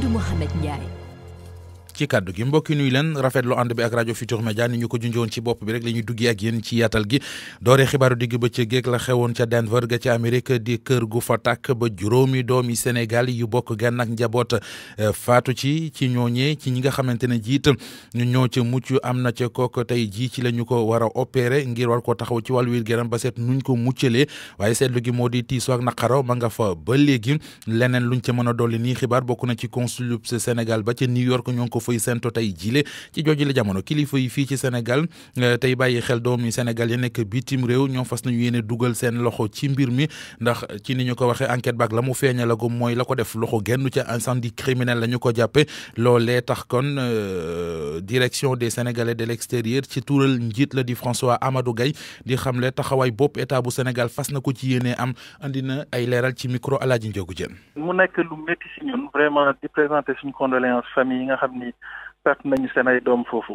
Mamadou Mohamed Ndiaye ci kàddu gi mbokki nuyu leen rafetlu ànd bi ak rajo Futur Media ni ñu ko junjoon ci bopp bi rek la ñuy duggee ak yéen ci yaatal gi dooree xibaaru digg bëccëg geek la xewoon ca Denver ga di kër gu fa tàkk ba juróomi doomi Sénégal yu bokk genn ak njaboot eh, faatu ci ci ñooñee ci ñi nga xamante ne jiit ñu ñoo ca mucc am na ca kook tey jii ci la ko war a opéré ngir ko taxaw ci wàllu wér gu ba seet nuñ ko muccalee waaye seetlu gi moo di tiisoo ak naqaro ma nga fa ba léegi leneen lu ci mën a dolli nii xibaar bokk na ci consulat Sénégal ba New York ñoo ko kilifa yi sento tay jile ci jooju la jamono kilifa yi fii ci Sénégal eh, tey bàyyi xel doomi Sénégal ya nekk bitim réew ñoom fas nañu yéene dugal seen loxo ci mbir mi ndax ci ni ñu ko waxee enquête baag la mu feeñalagum mooy la ko def loxo genn ca incendie criminel la ñu ko jàppe loolee tax kon eh, direction des Sénégalais de l'extérieur ci tuural njiit la di François Amadou gay di xamle taxawaay bopp état bu Sénégal fas na ko ci yéene am andina ay leeral ci micro Alaaji Njogu Jeen mu nekk lu métti si ñun vraiment di présenter suñu condoléances famille yi nga xam ni perte nañu seen ay doom foofu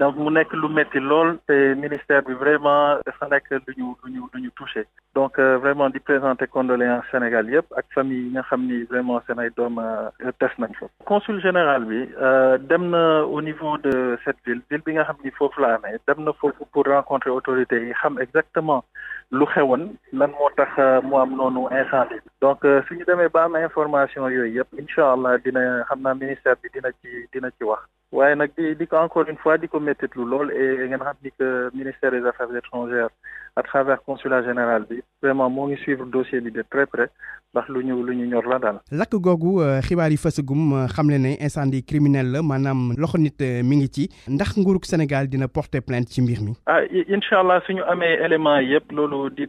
donc mu nekk lu métti lool te ministère bi vraiment dafa nekk lu ñu lu ñu lu ñu touché donc euh, vraiment di présenter condoléances Sénégal yépp ak famille yi nga xam ni vraiment seen ay doom euh, tes nañ ko consul général bi euh, dem na au niveau de cette ville ville bi nga xam ni foofu la amee dem na foofu pour rencontrer autorités yi xam exactement lu xewoon lan moo tax mu am noonu incendie donc suñu demee ba am information yooyu yëpp incha allah dina xam naa ministère bi dina ci dina ci wax waaye nag di di ko encore une fois di ko méttitlu lool et ngeen xam ni que ministère des affaires étrangères à travers consulat général bi vraiment moo ngi suivre dossier bi de très près ndax lu ñu lu ñu ñor la daal. lakk googu euh, xibaar yi fësagum euh, xamle ne incendie criminel la maanaam loxo nit euh, mi ngi ci ndax nguuruk Sénégal dina porter plainte ci mbir mi. ah incha allah suñu amee éléments yëpp loolu di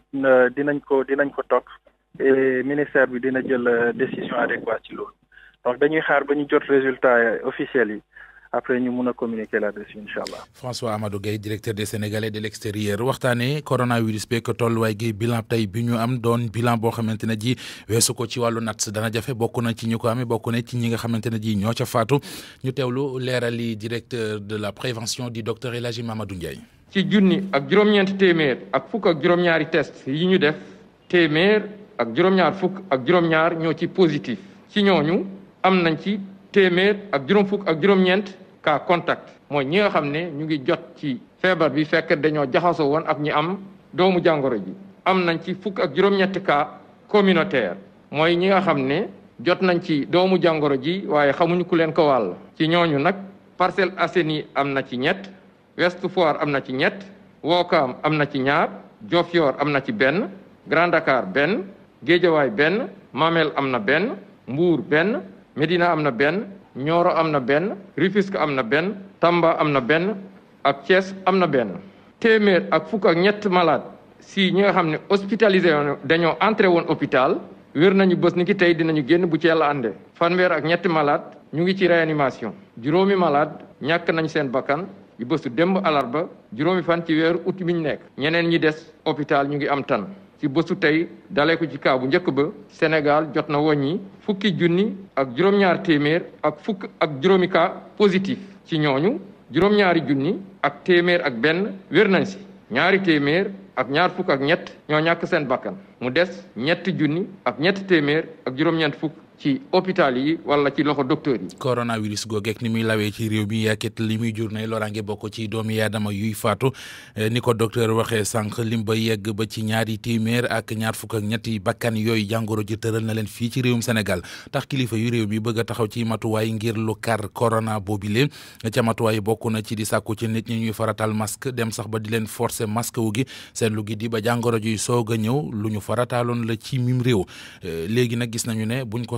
dinañ ko dinañ ko topp et ministère bi dina jël décision adéquate ci loolu donc dañuy xaar ba ñu jot résultat officiel yi après ñu mun communiquer là-dessus incha François Amadou Gueye directeur des Sénégalais de l'extérieur waxtaanee coronavirus beeg way gi bilan tay bi ñu am doon bilan bo xamante ji weesu ko ci walu nat dana jafé bokk na ci ñi ko amee bokk ci ñi nga xamante ji ño ca faatu ñu tewlu leerali directeur de la prévention du docteur El Mamadou Ndiaye. ci junni ak juróom ñent téeméer ak fukk ak juróom-ñaari test yi ñu def téeméer ak juróom-ñaar fukk ak juróom-ñaar ñoo ci positif ci ñooñu am nañ ci téeméer ak juróom fukk ak juróom ñent cas contact mooy ñi nga xam ne ñu ngi jot ci feebar bi fekk dañoo jaxasoo woon ak ñi am doomu jàngoro ji am nañ ci fukk ak juróom-ñetti cas communautaire mooy ñi nga xam ne jot nañ ci doomu jàngoro ji waaye xamuñu ku leen ko wàll ci ñooñu nag Parcelles Assainies am na ci ñett Ouest Foire am na ci ñett Ouakam am na ci ñaar Diofior am na ci benn Grand Dakar benn géejawaay benn Mamel am na benn mbuur benn Médina am na benn ñooro am na benn Rufisque am na benn Tamba am na benn ak Thiès am na benn téeméer ak fukk ak ñett malade si ñi nga xam ne hospitalisé dañoo entrée woon hôpital wér nañu bës ni ki tey dinañu génn bu ci yàlla àndee fanweer ak ñetti malade ñu ngi ci réanimation juróomi malade ñàkk nañ seen bakkan yu bésu démb alarba juróomi fan ci weeru ut bi ñu nekk ñeneen ñi des hôpital ñu ngi am tan ci bésu tey dalee ko ci kaa bu njëkk ba Sénégal jot na woññi fukki junni ak juróom-ñaar téeméer ak fukk ak juróomika kaa positif ci ñooñu juróom-ñaari junni ak téeméer ak benn wér nañ si ñaari téeméer ak ñaar fukk ak ñett ñoo ñàkk seen bakkan mu des ñett junni ak ñetti téeméer ak juróom-ñeent fukk ci hôpital yi wala ci loxo docteur yi coronavirus gogeek ni muy lawee ci réew mi yakit li muy jur nay loraange bokk ci doomi yaadama yuy faatu eh, ni ko docteur waxee sànq lim ba yegg ba ci ñaari téeméer ak ñaar fukk ak ñetti bakkan yooyu jàngoro ji tëral na leen fii ci réewum sénégal tax kilifa yu réew mi bëgg a taxaw ci matuwaay ngir lu kar corona boobile ca matuwaay bokk na ci di sàkku ci nit ñi ñuy faratal masque dem sax ba di leen forcer masque wu gi seen lu gi di ba jàngoro ji soog a ñëw lu ñu farataaloon la ci mim réew eh, léegi nag gis nañu ne buñ ko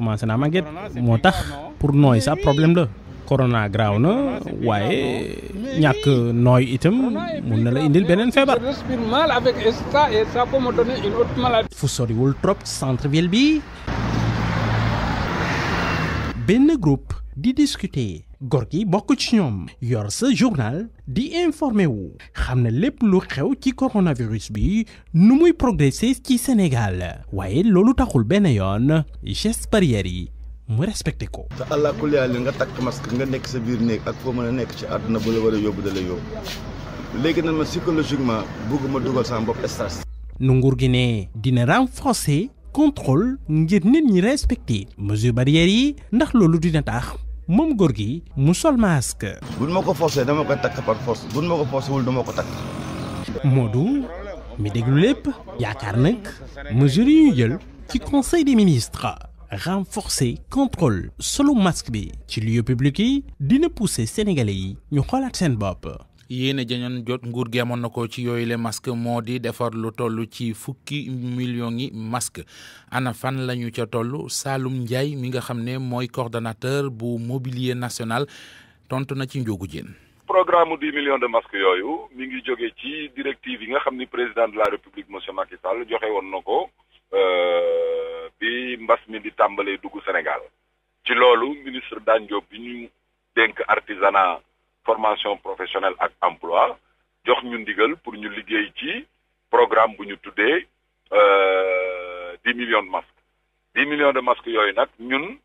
commencé naa màgget moo tax pour nooy sax problème la corona graaw na waaye ñàkk nooy itam mun na la indil beneen feebar. fu soriwul trop ci centre ville bi benn group di discuter. góor gi bokk ci ñoom yor sa journal di informé wu xam ne lépp lu xew ci coronavirus bi nu muy progresser ci Sénégal waaye loolu taxul benn yoon gestes barrière yi mu respecté ko. te allah kulli nga takk masque nga nekk sa biir néeg ak foo mën a nekk ci àdduna bu la war a yóbbu da la yóbbu léegi nag ma psychologiquement bugguma dugal sama bopp stress. nu nguur gi ne dina renforcer contrôle ngir nit ñi respecté mesure barrière yi ndax loolu dina tax moom góor gi mu sol masque. buñ ma ko forcé dama force buñ Modou mi lépp conseil des ministres renforcer contrôle solo masque bi ci lieu public yi dina pousser sénégalais yi ñu yéene jañoon jot nguur gi amoon na ko ci yooyu le masque moo di defar lu toll ci fukki million yi masque ana fan la ñu ca toll Saloum Ndiaye mi nga xam ne mooy coordonnateur bu mobilier national tontu na ci njóogu jéen programme 10 millions de masques yooyu mi ngi joge ci directive yi nga xam ni président de la république monsieur Macky Sall joxe woon na ko euh, bi mbas mi di tàmbalee dugg Sénégal ci loolu ministre Dane Diop bi ñu denk artisanat formation professionnelle ak yooyu nag ñun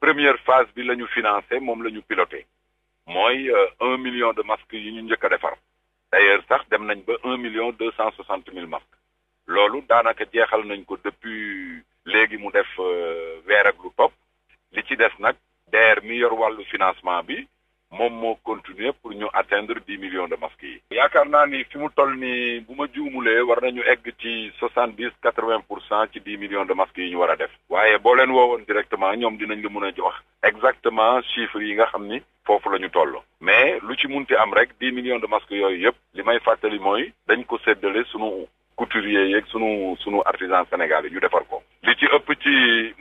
première phase bi la ñu financé moom la ñu piloté mooy euh, un million de masques yi ñu njëkk a defar d'ailleurs sax dem nañ ba un million deux cent soixante mille masques loolu daanaka jeexal nañ ko depuis léegi mu def euh, weer ak lu topp li ci des nag DER mi yor wàllu financement bi moom moo continuer pour ñu atteindre dix millions de masques yi yaakaar naa ni fi mu toll ni bu ma juumulee war nañu egg ci soixante dix quatre vingt pour cent ci dix millions de masques yi ñu war a def waaye boo leen woowoon directement ñoom dinañ la mën a jox exactement chiffre yi nga xam ni foofu la ñu toll mais lu ci munti am rek dix millions de masques yooyu yépp li may fàttali mooy dañ ko séddale sunu couturier yeeg sunu sunu artisan sénégal yi ñu defar ko li ci ëpp ci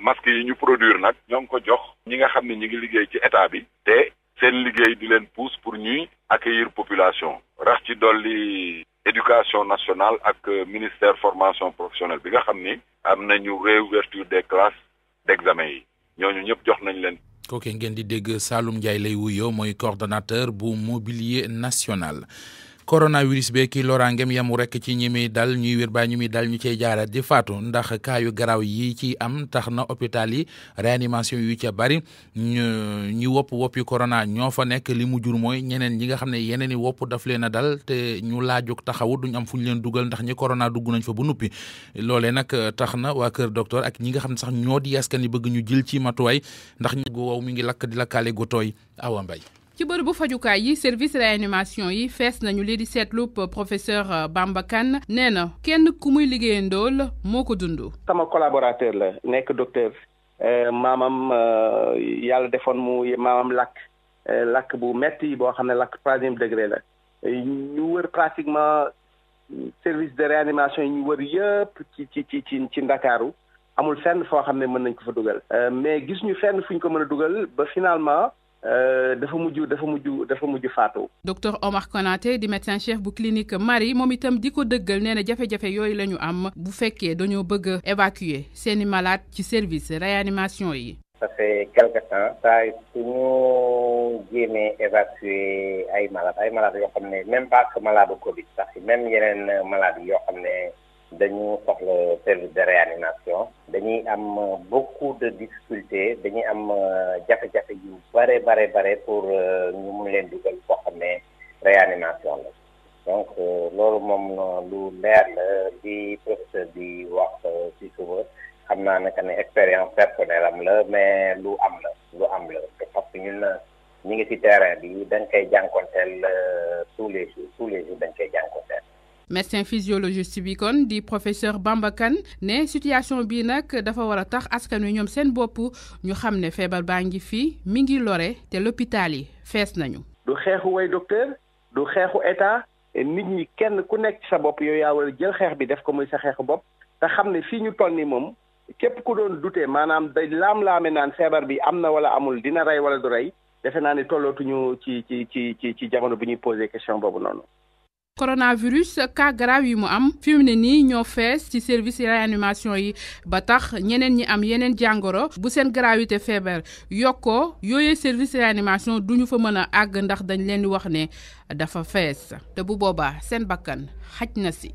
masques yi ñu produire nag ñoo ngi ko jox ñi nga xam ne ñi ngi liggéey ci état bi te sen liggéey di leen pousse pour ñuy accueillir population rax ci dolli éducation nationale ak euh, ministère formation professionnelle bi nga xam ni am nañu réouverture des classes d'examen yi ñooñu ñëpp jox nañ leen kooke ngeen di dégg Saloum Ndiaye lay wuyoo mooy coordonnateur bu mobilier national corona coronavirus bee kii loraangem yamu rek ci ñi muy dal ñuy wér baa ñi muy dal ñu cey jaaraat di faatu ndax cas yu garaaw yi ci am tax na hôpital yi réanimation yu ca bari ñu ñi wopp woppi corona ñoo fa nekk li mu jur mooy ñeneen ñi nga xam ne yeneen i wopp daf leen a dal te ñu laajug taxawu duñ am fu ñu leen dugal ndax ñi corona dugg nañ fa bu nuppi loolee nag eh, tax na waa kër docteur ak ñi nga xam ne sax ñoo di askan yi bëgg ñu jil ci matuwaay ndax ñi gu wow mi ngi lakk di lakkaale gu tooy awa mbay ci bërëbu fajukaay yi service réanimation yi fees nañu lii di seetlu professeur euh, Bamba Kane nee na kenn ku muy liggéeyandool moo ko dund. sama collaborateur la nekk docteur euh, maamam euh, yàlla defoon mu maamam lakk lakk bu metti boo xam ne lakk troisième degré la ñu wër pratiquement service de réanimation yi ñu wër yépp ci ci ci ci ci Ndakaaru amul fenn foo xam ne mën nañ ko fa dugal. mais gis ñu fenn fuñ ko mën a dugal ba finalement. Euh, dafa mujj dafa mujj dafa mujj faatu. docteur Omar Konaté di médecin chef bu clinique Marie moom itam di ko dëggal nee na jafe-jafe yooyu la ñu am bu fekkee dañoo bëgg a évacuer seeni malade ci service réanimation yi. ça fait quelque temps saa su ñu jéemee évacuer ay malade ay malade yoo xam ne même pas que malade Covid sax même yeneen malade yoo xam ne. dañu soxla service de réanimation dañuy am beaucoup de difficultés dañuy am euh, jafe-jafe yu bare bare bare pour euh, ñu mun leen dugal foo xam ne réanimation la donc euh, loolu moom lu leer la di professeur bi wax si suba xam naa ne que ne expérience personnelle am la mais lu am la lu am la parce que ñun ñu ngi ci terrain bi dañ koy jànkonteel tous les jours tous les jours dañ koy jànkonteel médecin physiologiste bi kon di professeur Bambakan. Kane ne situation bi nak dafa wara tax askan wi ñom seen bop ñu xam ne baangi fi mi ngi lore té l'hôpital yi fess nañu. du xeexu way docteur du xeexu état nit ñi kenn ku nekk ci sa bopp yow yaa war jël xeex bi def ko muy sa xeexu bopp te xam ne fii ñu toll nii moom. képp ku doon dute maanaam day laam-laame naan feebar bi am na wala amul dina rey wala du rey defe naa ni tollootuñu ci ci ci ci ci jamono bi ñuy posé question boobu noonu coronavirus cas grave yi mu am fi mu ne nii ñoo fees ci service réanimation yi ba tax ñeneen ñi am yeneen jàngoro bu seen gravité feebar yokko yooyee service réanimation duñu fa mën a àgg ndax dañ leen di wax ne dafa fees te bu boobaa seen bakkan xaj na si.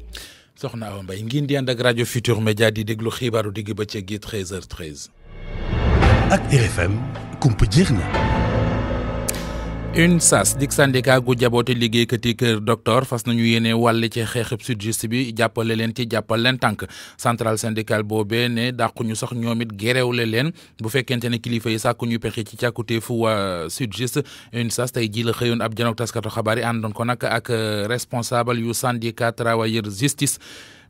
soxna Awa Mbaye ngeen di ànd ak rajo Futur Média di déglu xibaaru digg bëccëg gi 13h13. ak RFM kumpa jeex na. UNSAS dig syndicat gu jaboote liggéeykati kër docteur fas nañu yéene wàll ci xeexub sudjust bi jàppale leen ci jàppal leen tànk central syndicale boobee ne dàquñu sax ñoom it gerewle leen bu fekkente ne kilifa yi sàkku ñu pexe ci fu càkkutéefu waa sudjust UNSAS tey jii la xëyoon ab janoog taskatu xabaar yi àndoon ko nag ak euh, responsable yu syndicat travailleur justice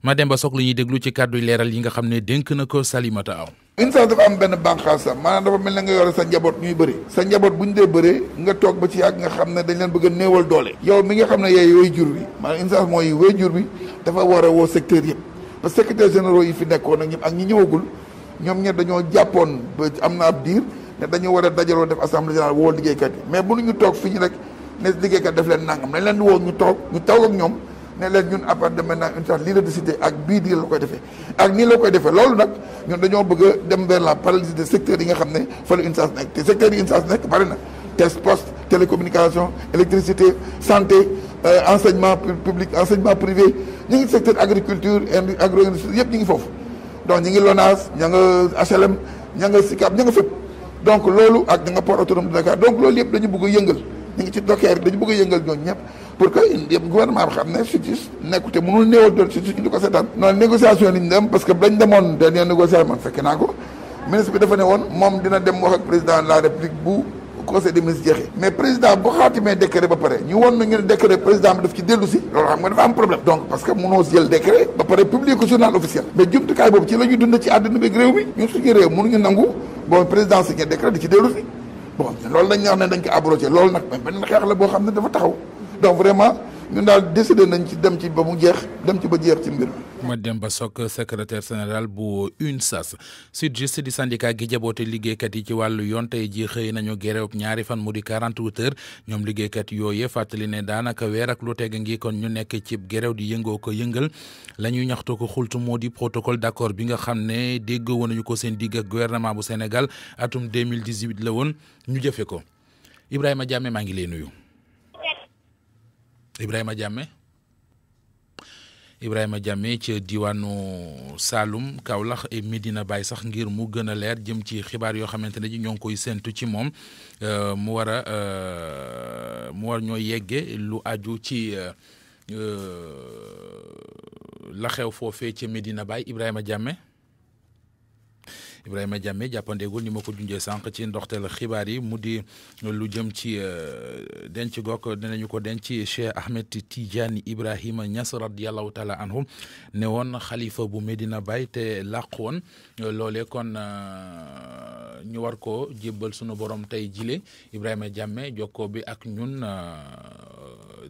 Mademba Sock lu ñuy déglu ci kàddu leeral yi nga xam ne dénk na ko Salimata Aw instance dafa am benn bànqaasam maanaam dafa mel ne nga yore sa njaboot ñuy bëri sa njaboot bu ñu dee bëree nga toog ba ci yàgg nga xam ne dañ leen bëgg a néewal doole yow mi nga xam ne yooyu way jur bi maanaam instance mooy way jur bi dafa war a woo secteur yëpp parce que secrétaire généraux yi fi nekkoon ak ñëpp ak ñi ñëwagul ñoom ñett dañoo jàppoon am na ab diir ne dañu war a dajaloo def assemblée générale woo liggéeykat yi mais bu ñu toog fi ñu rek ne liggéeykat leen nangam nañ leen woo ñu toog ñu taw ñoom ne leen ñun à partir de maintenant une stratégie l'électricité la décidé ak bii di la koy defee ak nii la koy defee loolu nag ñun dañoo bëgg dem vers la paralysie des secteurs yi nga xam ne fa la UNSAS nekk te secteurs yi UNSAS nekk bari na tes poste télécommunication électricité santé euh, enseignement public enseignement privé ñu ngi secteur agriculture agro industrie yëpp ñu ngi foofu donc ñu ngi LONASE ña nga HLM ña nga SICAP ña nga fépp donc loolu ak ña nga port autonome de Dakar donc loolu yëpp dañu bëgg a yëngal ñu ci docker dañu bëgg yëngal ñooñu ñëpp pour que yëpp gouvernement bi xam ne SYTIS nekku te mënu néew doon ci ci di ko seetaan noonu négociation ni ñu dem parce que bañ demoon dernier négociation man fekk naa ko ministre bi dafa ne woon moom dina dem wax ak président de la république bu conseil des ministres jeexee mais président bu xaatimee décret ba pare ñu won na ngeen décret président bi daf ci dellu si loolu xam nga dafa am problème donc parce que mënoo jël décret ba pare publier ko journal officiel mais jumtukaay boobu ci la ñuy dund ci àddina bi réew mi ñun suñu réew mënuñu nangu bon président signé décret di ci dellu si bon loolu dañ nga wax ne dañ ko abroger loolu nag benn xeex la boo xam ne dafa taxaw donc vraiment ñun daal décidé nañ ci dem ci ba mu jeex dem ci ba jeex ci mbir mi. Mademba Sock secrétaire général bu UNSAS SYTJUST di syndicat gi jaboote liggéeykat yi ci wàllu yoon tey ji xëy nañu gerew ñaari fan mu di 48 heures ñoom liggéeykat yooye fàttali ne daanaka weer ak lu teg ngi ko ñu nekk ci gerew di yëngoo ko yëngal la ñuy ñaxtu ko xultu moo di protocole d'accord bi nga xam ne déggoo woon nañu ko seen digg ak gouvernement bu Sénégal atum 2018 la woon ñu jëfe ko Ibrahima Diame maa ngi lay nuyu. Ibrahima Jàmme Ibrahima Jàmme ca diwaanu Saalum Kaolack et Medina Baye sax ngir mu gën a leer jëm ci xibaar yoo xamante ne ñoo ngi koy séentu ci moom euh, mu war a euh, mu war ñoo yegge lu aju ci euh, la xew foofee ca Medina Baye Ibrahima Jàmme Ibrahima Diame jàppandeegul ni ma ko junjee sànq ci ndoxteel xibaar yi mu di euh, lu jëm ci euh, denc goog dinañu ko denc Cheikh Ahmed Tidiane Ibrahima Niass radiyallahu taala anhu ne woon xalifa bu Medina bay te làq woon loole kon euh, ñu war ko jébbal sunu borom tey jile Ibrahima Diame jokkoo bi ak ñun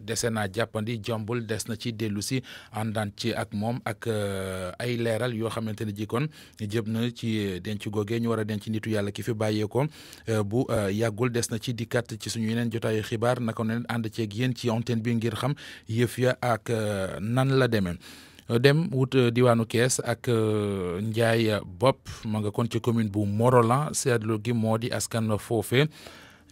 dese naa jàppandi jambul des na ci dellusi si àndaan ci ak moom ak ay leeral yoo xamante ne jikkoon jëm na ci denc googee ñu war a denc nitu yàlla ki fi bàyyeekoo euh, bu euh, yàggul des na ci di dikkat ci suñu yeneen jotaayu xibaar naka neen ànd ceeg yéen ci antenne bi ngir xam yëf ya ak euh, nan la demee. dem wut diwaanu Kees ak Ndiaye Bopp ma nga kon ci commune bu Morolan seetlu gi moo di askan foofe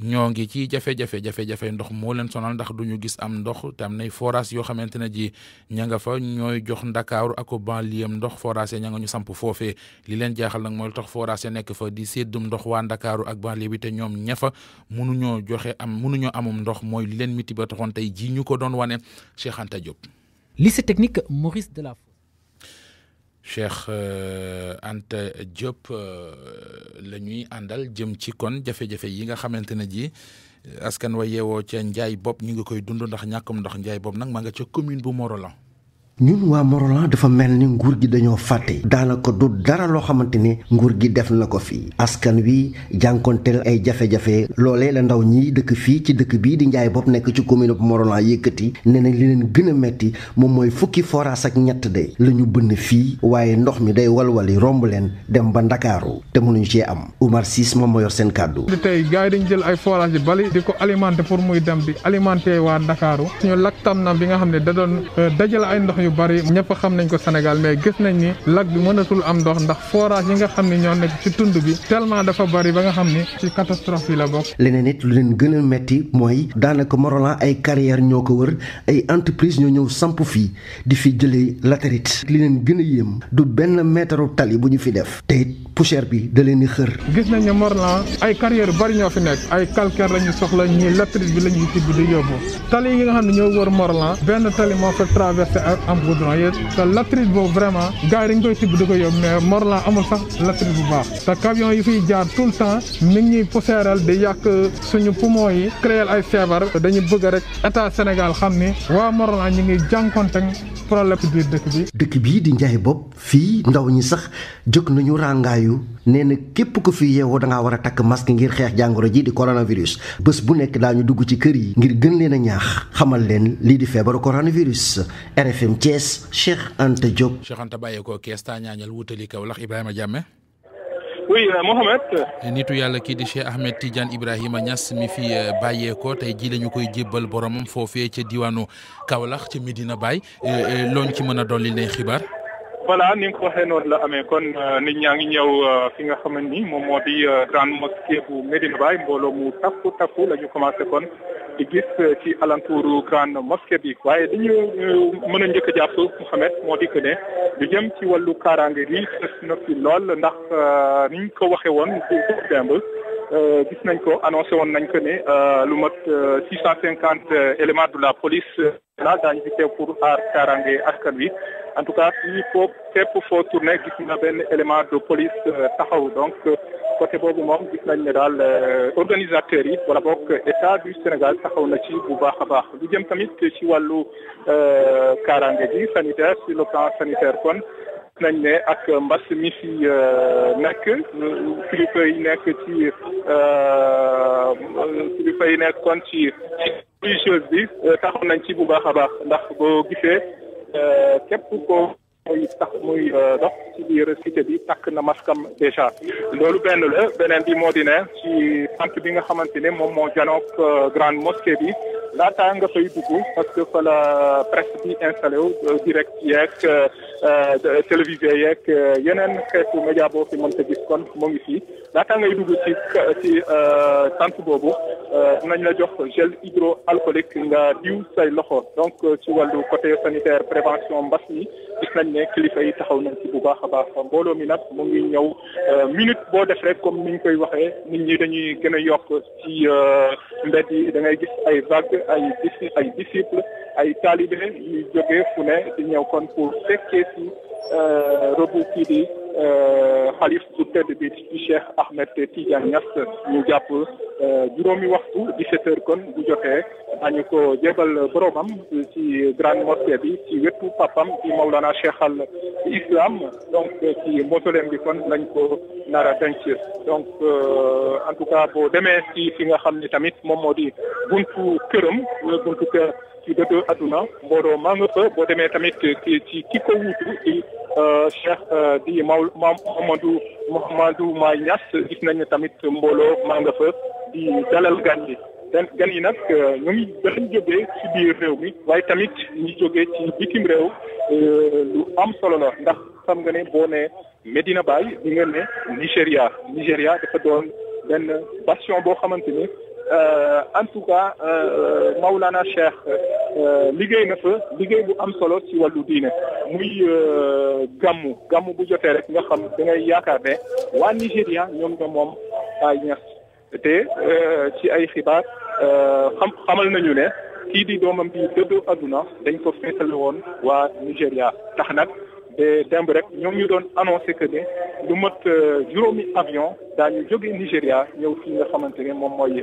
ñoo ngi ci jafe-jafe jafe ndox moo leen sonal ndax du ñu gis am ndox tam am nay forage yoo xamante ne ji ña nga fa ñooy jox ndakaaru ak banlieue ndox forage ña nga ñu samp foofe li leen jaaxal nag mooy lu tax forage nekk fa di séddum ndox waa ndakaaru ak banlieue bi te ñoom ña fa mënuñoo joxe am mënuñoo amum ndox mooy li leen miti ba tey ji ñu ko doon wane Cheikh Anta Diop lycée technique Maurice Delafosse Cheikh euh, Anta Diop euh, la ñuy àndal jëm ci kon jafe-jafe yi nga xamante ne ji askan wa yeewoo ca Njaay bop ñu ngi koy dund ndax ñàkkum ndox Njaay Bopp nag maa nga ca commune bu Morolan ñun wa Morolan dafa mel ni nguur gi dañoo fàtte daanaka du dara loo xamante ne nguur gi def na ko fii askan wi jànkonteel ay jafe-jafe loolee la ndaw ñi dëkk fii ci dëkk bii di njaay bopp nekk ci commune bu Morolan yëkkati nee nañ li leen gën a metti moom mooy fukki forage ak ñett de la ñu bënn fii waaye ndox mi day walwali romb leen dem ba ndakaaru te mënuñ cee am Oumar Ciss moom moo yor seen kàddu tey gars yi dañ jël ay forage yi bali di ko alimenter pour muy dem bi alimenter waa ndakaaru suñu laktam na bi nga xam ne da doon euh, dajal ay ndox yu yu bari ñëpp xam nañ ko Sénégal mais gis nañ ni lac bi mënatul am ndox ndax forage yi nga xam ne ñoo nekk ci tund bi tellement dafa bari ba nga xam ni ci catastrophe yi la bokk. leneen it lu leen gën a metti mooy daanaka Morolan ay carrière ñoo ko wër ay entreprise ñoo ñëw samp fii di fi jëlee latérite li leen gën a yéem du benn mètre tali bu ñu fi def te poussière bi da leen di xër. gis nañ ne ay carrière bari ñoo fi nekk ay calcaire la soxla ñii latérite bi la tibb di yóbbu tali yi nga xam ne ñoo wër Morlan benn tali moo fa traversé am goudron yëpp te latérite boobu vraiment gars yi dañ koy tibb di ko yóbbu mais Morlan amul sax latérite bu baax te camion yi fiy jaar tout le temps mi ngi ñuy poussièreal di yàq suñu poumon yi créer ay feebar dañu bëgg rek état Sénégal xam ni waa Morlan ñu ngi jànkonteeg problème ci bi. dëkk di Ndiaye Bopp fii ndaw ñi sax jóg nañu rew neena na képp ko fi yeewoo da nga war a takk masque ngir xeex jàngoro ji di coronavirus bés bu nekk daañu dugg ci kër yi ngir gën leen a ñaax xamal leen lii di coronavirus RFM Thiès Cheikh Anta Diop. Cheikh Anta bàyyeekoo Thiès taa ñaañal wutali Kaolack Ibrahima Diame. oui euh, Mohamed. nitu yàlla kii di Cheikh Ahmed Tidiane Ibrahima Niass mi fi euh, bàyyeekoo tey jii la ñu koy jébbal boromam foofee ca diwaanu Kaolack ca Medina Baye euh, looñ ci mën a dolli wala uh, uh, ni ko waxe la amé kon nit ñangi ñew fi nga xamni mom modi grand mosquée bu Medina Bay mbolo mu takku takku lañu commencé kon di gis ci alentouru grand mosquée bi waye dañu mëna ñëk japp Mohamed modi que né di jëm ci walu karange gi fess na fi lool ndax niñ ko waxé won ci demb Euh, gis nañ ko annoncé woon nañ ko ne euh, lu mat 650 euh, éléments de la police là daañu fi pour aar kaaraange askan wi en tout cas fii foo fépp foo tourné gis na benn élément de police taxaw donc côté boobu moom gis nañ ne daal organisateurs yi wala boog état du Sénégal taxaw na ci bu baax a baax lu jëm tamit ci wàllu kaaraange ji sanitaire sur le plan sanitaire kon nañ ne ak mbas mi fi euh, nekk kilifa yi nekk ci euh, kilifa yi kon ci religieuse bi euh, taxaw nañ ci bu baax a baax ndax boo gisee képp ko muy tax muy dox ci biir cité bi takk na maskam déjà loolu benn la beneen bi moo di ne ci sant bi nga xamante ne moom moo janook grande mosquée bi laata nga fay dugg parce que fa la presse bi installé wu direct yeeg euh, euh, télévision yeeg euh, yeneen xeetu média boo fi mën ta gis kon moo ngi fii laataa ngay dugg ci ci tànk boobu nañ la jox gel hydro alcoolique nga diw say loxo donc ci wàllu côté sanitaire prévention mbas mi gis nañ ne kilifa yi taxaw nañ ci bu baax a baax mbooloo mi nag mu ngi ñëw minute boo def rek comme ni ñu koy waxee nit ñi dañuy gën a yokk ci mbedd yi da ngay gis ay vague ay ay disciple ay talibé yu jógee fu ne di ñëw kon pour fekkee ci euh, rëbu kii di euh, xalif bu tedd bi di Cheikh Ahmed Tidiane Niass ñu jàpp euh, juróomi waxtu 17h kon bu jotee añu ko jébal boromam ci grande mosquée bi ci wetu papam ci Maulana Cheikh al Islam donc ci mausoleum bi kon lañ ko nar a denc donc en tout cas boo demee ci fi nga xam ni tamit moom moo di buntu këram buntu kër. ci dëkk aduna boo maa tamit ci ki ko et euh, cheikh euh, di maw Mamadou Ñas gis tamit mbooloo maa di dalal gan yi gan yi nag euh, ñu ngi ci biir réew mi tamit ñu jógee ci bitim réew am solo ndax xam Medina Baye di nga ne Nigeria. Nigeria, dafa doon benn bastion boo euh, en tout cas euh, Maulana Cheikh euh, liguey na fa liggéey bu am solo ci wàllu diine muy euh, gàmmu gàmmu bu joté rek nga xam da ngay yaakaar ne waa Nigéria ñoom nga moom ay ñax te euh, ci ay xibaar xam xamal nañu ne ki di domam bi dëddu aduna dañ ko feesal won wa Nigéria tax nak te demb rek ñom ñu doon annoncer que ne lu mat juróomi avion daañu jóge Nigéria ñëw fii nga xamante mom moy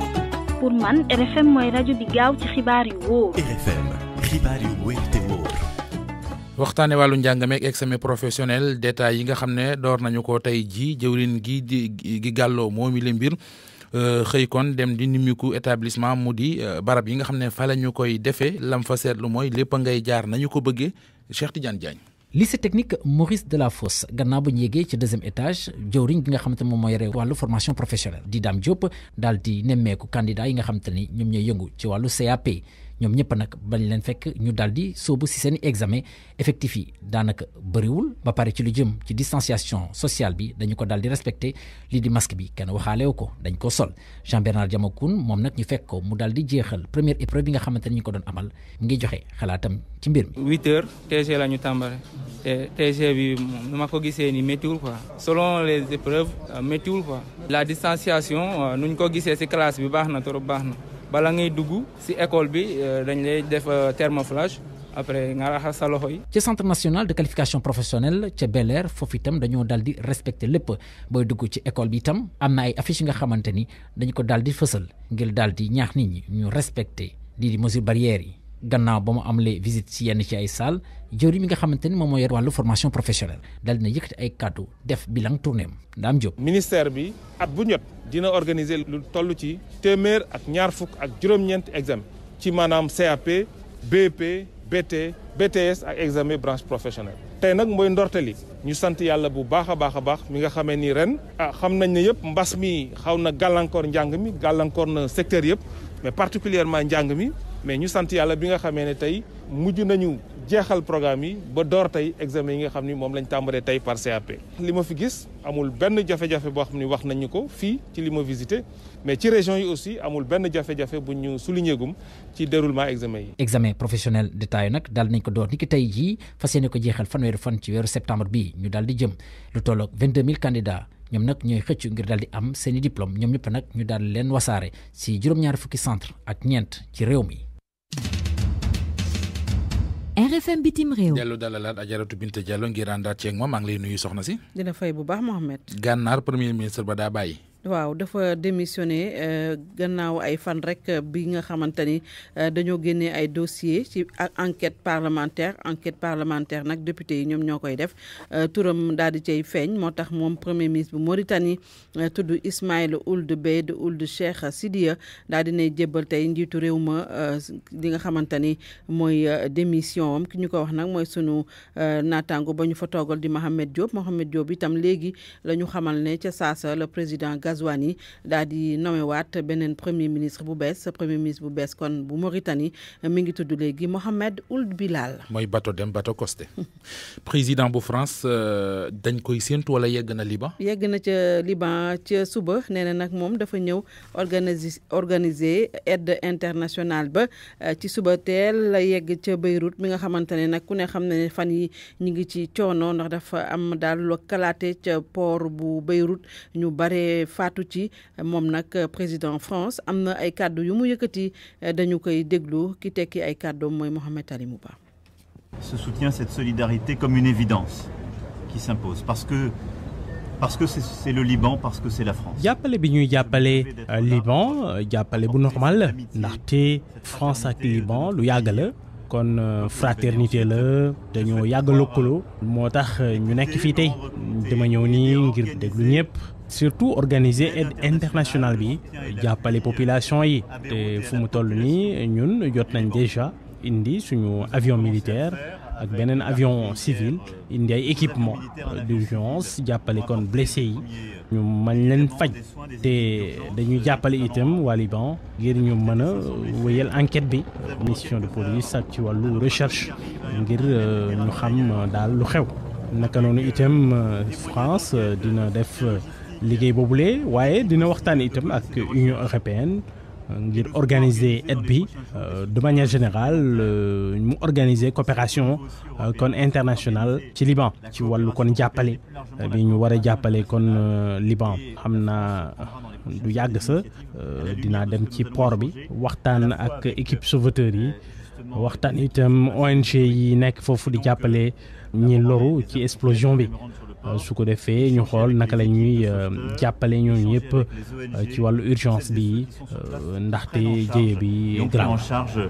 pour waxtaane wàllu njàng meeg examen professionnel détails yi nga xam ne door nañu ko tey jii jëwlin gi gi gàlloo moom i la mbir euh, xëy kon dem di nimiku établissement mu di euh, barab yi nga xam ne fa la ñu koy defee lam fa seetlu mooy lépp ngay jaar nañu ko bëggee Cheikh Tidiane Diagne. lycée technique Maurice de la Fosse, Ganabu deuxième étage qui gi nga formation professionnelle di dam Diop candidat yi nga CAP ñom ñep nak bañ leen fekk ñu daldi di ci seen examen effectif yi daanaka bëriwul ba paré ci lu jëm ci distanciation sociale bi dañu ko daldi respecter li di masque bi kenn waxale ko dañ ko sol Jean Bernard Diamacoune mom nak ñu fekk ko mu daldi di première épreuve bi nga xamanteni ñu ko don amal ngi joxé xalaatam ci mbir mi. 8h TC la ñu tàmbale te TG bi moom nu ma ko gisee ni méttiwul quoi selon les épreuves euh, méttiwul quoi. la distanciation euh, nuñ ko gisee ci classe bi baax na trop baax bala ngay dugg si école bi euh, dañ lay def euh, thermoflage après nga raxas sa loxo yi. ci centre national de qualification professionnelle ca Bel Air foofu itam dañoo daal di respecté lépp booy dugg ci école bi itam am na ay affiches nga xamante ni dañ ko daal di fësal ngir daal di ñaax nit ñi ñu respecté lii di mesure barrière yi gannaaw ba mu amalee visite ci yenn ci ay salle jëwri mi nga xamante ni moom moo yor wàllu formation professionnelle dal dina yëkkati ay kàddu def bilan tournéem Ndam Diop. ministère bi at bu ñot dina organiser lu toll ci téeméer ak ñaar fukk ak juróom-ñeenti examen ci maanaam CAP BP BT BTS ak examen branche professionnelle. tey nag mooy ndorteli ñu sant yàlla bu baax a baax a baax mi nga xamee ni ren. ah xam nañ ne yëpp mbas mi xaw na gàllankoor njàng mi gàllankoor na secteur yëpp mais particulièrement njàng mi mais ñu sant yàlla bi nga xamee ne tey mujj nañu jeexal programme yi ba door tey examen yi nga xam ni moom lañ tàmbalee tey par CAP. li ma fi gis amul benn jafe-jafe boo xam ni wax nañu ko fii ci li ma visité mais ci région yi aussi amul benn jafe-jafe bu ñu souligné gum ci déroulement examen yi. examen professionnel de yi nag dal nañ ko door niki ki tey jii fas ko jeexal fanweeri fan ci weeru septembre bii ñu dal di jëm lu tolloog 22000 candidats. ñoom nag ñooy xëcc ngir daal di am seeni diplôme ñoom ñëpp nag ñu daal leen wasaare ci juróom-ñaari fukki centre ak ñeent ci réew mi RFM bitim réew. Diallo dalalaat Ajaratu Binta Diallo ngir àndaat ceeg moom maa ngi lay nuyu soxna si. dina fay bu baax Mohamed. gànnaar premier ministre ba daa bàyyi. waaw dafa démissionné euh, gannaaw ay fan rek euh, bi nga xamante ni euh, dañoo ay dossier ci enquête parlementaire enquête parlementaire nag député yi ñoom ñoo koy def turam daal di cay feeñ moo tax premier ministre bu Mauritanie tudd Ismaïl Ould Bède Ould Cheikh Sidia daal di nay jébbal tey njiitu réew ma li nga xamante ni démission am ki ñu ko wax nag mooy sunu naataango ba ñu fa toogal di Mohamed Diop Mohamed Diop itam léegi la ñu xamal ne ca saasa le président. Ghazouani daal di wat benen premier ministre bu bees premier ministre bu bees kon bu Mauritanie mi ngi tudd Mohamed Ould Bilal. moy bato dem bato costé président bu France euh, dañ koy séentu wala yegg na Liban. yegg na ca Liban ca suba néna na mom dafa ñew organiser aide internationale ba euh, ci suba tel la yegg ca Beyrouth mi nga xamante nak nag ku ne xam fan yi ñi ngi ci choono ndax dafa am dal loo ca port bu Beyrouth ñu bare. Fatou ci mom nak euh, président France amna ay kàddu yu mu yëkkati euh, dañu koy déglu ki tekki ay kàddoom moy Mohamed Ali Mouba. Ce soutien, cette solidarité comme une évidence qui s'impose parce que parce que c'est le Liban parce que c'est la France. jàppale bi ñuy jàppale Liban euh, jàppale bu normal la ndaxte France ak Liban lu Yagale, la kon fraternité le, dañoo yàgg lëkkaloo moo tax ñu nekk fii tey dama ñëw nii ngir déglu ñëpp surtout organiser aide internationale bi jappalé population yi té fu mu toll ni ñun jot nañ déjà indi suñu avion militaire ak benen avion civil indi ay équipement d'urgence jappalé kon blessé yi ñu mañ leen faj té dañu jappalé itam waliban ngir ñu mëna wëyel enquête bi mission de police ak ci walu recherche ngir euh, ñu xam dal lu xew naka nonu itam euh, France euh, dina def liggéey boobule waaye dina waxtaan itam ak Union européenne euh, ngir organiser aide bi euh, de manière générale euh, mu organiser coopération kon internationale ci Liban ci walu kon jàppale bi ñu wara a kon Liban xam du yàgg sa dina dem ci port bi waxtan ak équipe sauveteur yi waxtaan itam ONG yi nek fofu di jappalé ñi loru ci explosion bi euh, su ko defee ñu xool naka la ñuy euh, jàppale ñoom ñëpp euh, ci wàllu urgence bi ndaxte jëye bi grave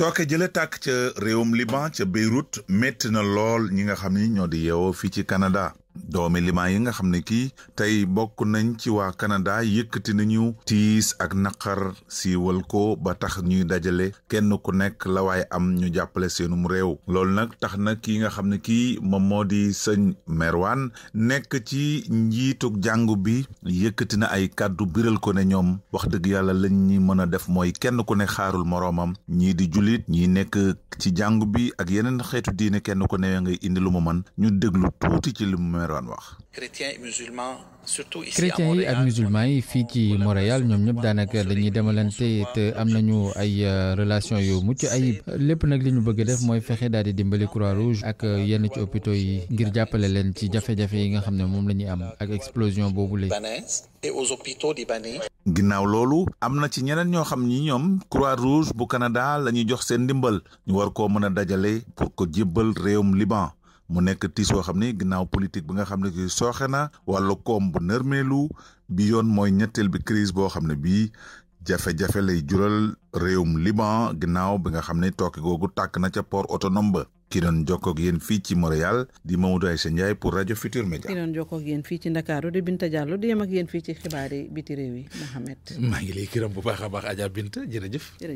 tooke jële tàkk ca réewum Liban ca Beyrouth métti na lool ñi nga xam ni ñoo di yeewoo fii ci Canada doomi limaa yi nga xam ne kii tey bokk nañ ci waa Canada yëkkati nañu tiis ak naqar siiwal ko ba tax ñuy dajale kenn ku nekk la waaye am ñu jàppale seenum réew loolu nag tax na kii nga xam ne kii moom moo di sëñ Merwan nekk ci njiitug jàngu bi yëkkati na ay kàddu biral ko ne ñoom wax dëgg yàlla lañ ñi mën a def mooy kenn ku ne xaarul moroomam ñii di jullit ñii nekk ci jàngu bi ak yeneen xeetu diine kenn ku ne ngay indi lu mu mën ñu déglu tuuti ci li Cameroon chrétiens yi ak musulman yi fii ci Montréal ñoom ñëpp dañuy am nañu ay euh, yu mucc ayib lépp bëgg def daal croix rouge ak euh, yenn ci hôpitaux yi ngir ci yi nga am ak explosion boobu ginnaaw loolu ci ñeneen croix rouge bu Canada la ñuy jox ñu war pour réewum Liban. mu nekk tiis woo xam ne ginnaaw politique bi nga xam ne ki sooxe na wàllu koom bu nërmeelu bi yoon mooy ñetteel bi crise boo xam ne bii jafe-jafe lay jural réew réewum Liban gannaaw bi nga xam ne tooke googu tàkk na ca poor autonome ba ki doon jokkoog yéen fii ci Montréal di Mamadou Aïssa Ndiaye pour rajo Futur Média. ki doon jokkoog yéen fii ci Ndakaaru di Binta Diallo di yem ak yéen fii ci xibaari biti réew yi Mohamed. maa ngi lay gërëm bu baax a baax Adja Binta jërëjëf.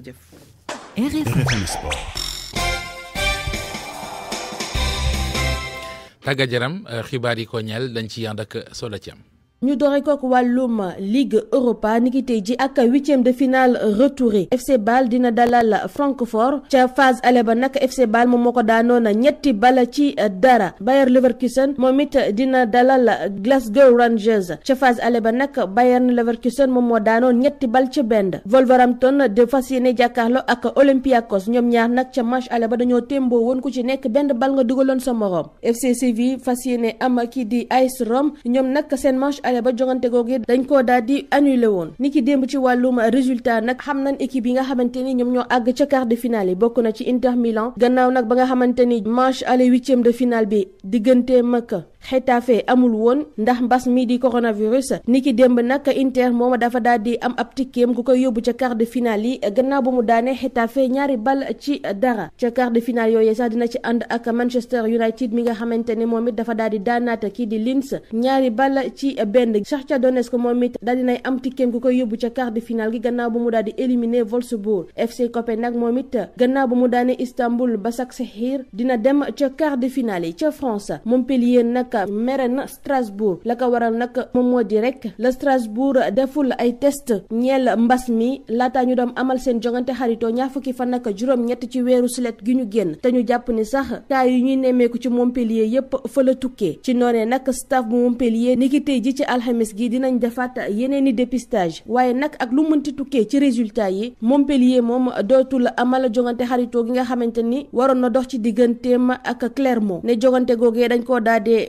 tàggat yaram euh, xibaar yi ko ñeel dañ ci ànd ak Soda Thiam ñu doore kook wàllum ligue europa niki tey ji ak huitième de finale retouré FC dina dina dalal Francfort ca phase ale ba nag FC Bâle moom moo ko daanoon ñetti bala ci dara Bayer Leverkusen moom it dina dalal Glasgow Rangers ca phase aller ba nag Bayern Leverkusen moom moo daanoon ñetti bal ci benn Wolverhampton de fas yéene jàkkaarloo ak Olympiakos ñoom ñaar nag ca match ale ba dañoo temboo woon ku ci nekk benn bal nga dugaloon sa moroom FC Séville fas yéene am kii di AS Rome ñoom nag seen match ale ba jongante goge dañ ko daldi di annulé woon ni ki ci walum résultat nag xam nañ équipe yi nga xamante ni ñoom ñoo ag ca quart de finale bokk na ci Inter Milan gannaaw nag ba nga xamante ni match aller huitième de finale bi diggante mak xetaafe amul woon ndax mbas mi di coronavirus niki démb nag Inter moom dafa daal di am ab tikkeem ku koy yóbbu ca quart de finale yi gannaaw ba mu daane xetaafe ñaari bal ci dara ca quart de finale yooyu ci ànd ak Manchester United mi nga xamante ne moom it dafa daal di daanaata kii di Linz ñaari bal ci benn Shakhtar Donetsk moom it daal dinay am tikkeem ku koy yóbbu ca quart de gi gannaaw ba mu daal di éliminer Wolfsburg FC Copenhague moom it gannaaw ba mu daane Istanbul Basaksehir dina dem ca quart de finale yi ca France Montpellier nag nag mere na Strasbourg la ko waral nag moom moo di rek la Strasbourg deful ay test ñeel mbas mi laataa ñu doon amal seen jongante xaritoo ñaar fukki fan nag juróom-ñett ci weeru sulet gi ñu génn te ñu jàpp ni sax kaa yi ñuy nemmeeku ci Montpellier yépp fa tukkee ci noonee nag staff bu Montpellier niki tey ji ci alxames gi dinañ yeneen yeneeni dépistage waaye nag ak lu mënti tukkee ci résultat yi Montpellier moom dootul amal jongante xaritoo gi nga xamante ni waroon na dox ci digganteem ak Clermont ne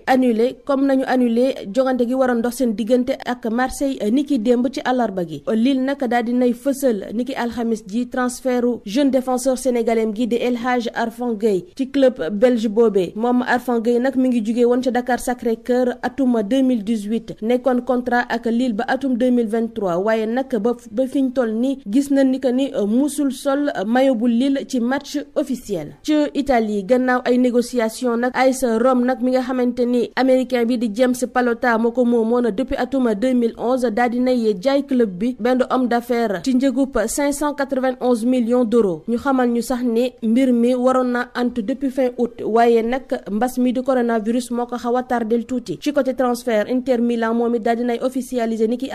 annulé comme nañu annulé jogante gi waroon dox seen diggante ak Marseille euh, niki démb ci àllarba gi euh, Lille nag daal di nay fësal niki alxamis ji transfertu jeune défenseur sénégalais gi di El Hadj Arfan Gueye ci club belge boobee moom Arfan Gueye nag mi ngi jugee woon ca Dakar Sacré-Cœur atum 2018 nekkoon contrat ak Lille ba atum 2023 waaye nag ba ba fi ñu toll nii gis nañ ni que ni euh, mosul sol mayo bu Lille ci match officiel ci Italie gannaaw ay négociation nag AS Rome nag mi nga xamante ni ni américain bi di James Palota moko momo depuis atuma 2011 daal di jaay club bi benn homme d'affaires ci groupe 591 millions d'euros ñu xamal ñu sax ni mbir mi warona depuis fin août waye nak mbass mi di coronavirus moko xawa tardel touti ci côté transfert Inter Milan momi nay officialisé niki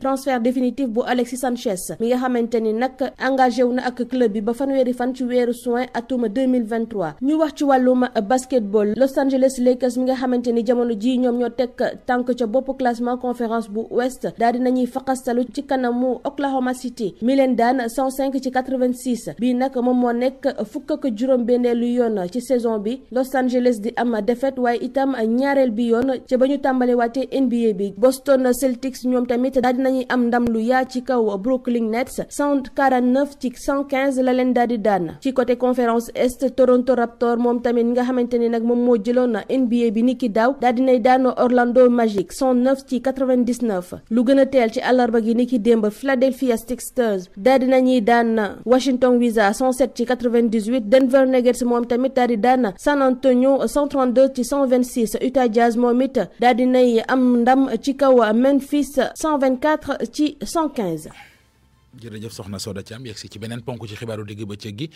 transfert définitif bu Alexis Sanchez mi nga xamanteni nak engagé wu na ak club bi ba fanweeri fan ci weeru soin atuma 2023 ñu wax ci walum basketball Los Angeles Lakers mi nga xamante ni jamono jii ñoom ñoo teg tànk ca bopp classement conférence bu ouest daal nañuy faxastalu ci kanamu Oklahoma City mi leen daan ci 86 nag moom moo nekk fukk ak juróom-benneelu yoon ci saison bi Los Angeles di am défaite waaye itam ñaareel bi yoon ci ba ñu tàmbale waatee NBA bi Boston Celtics ñoom tamit daal di nañuy am ndam lu yaa ci kaw Brooklyn Nets 149 ci 115 la leen daal daan ci côté conférence est Toronto Raptors moom tamit nga xamante ni nag moom moo jëloon ki daw daal dinay daano Orlando Magic 109 ci 99 lu gëna tel ci alarba gi niki démb Philadelphia Sixers daal dinañuy daan Washington Wizards 107 ci 98 Denver Nuggets mom tamit daal di daan San Antonio 132 ci 126 Utah Jazz momit it daal dinay am ndam ci kaw Memphis 124 ci 115. jërëjëf soxna Soda ci am si ci beneen ponk ci xibaaru digg bëccëg gi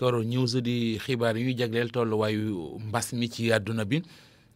Koro News di xibaar yuy jagleel tolluwaayu mbas mi ci àdduna bi.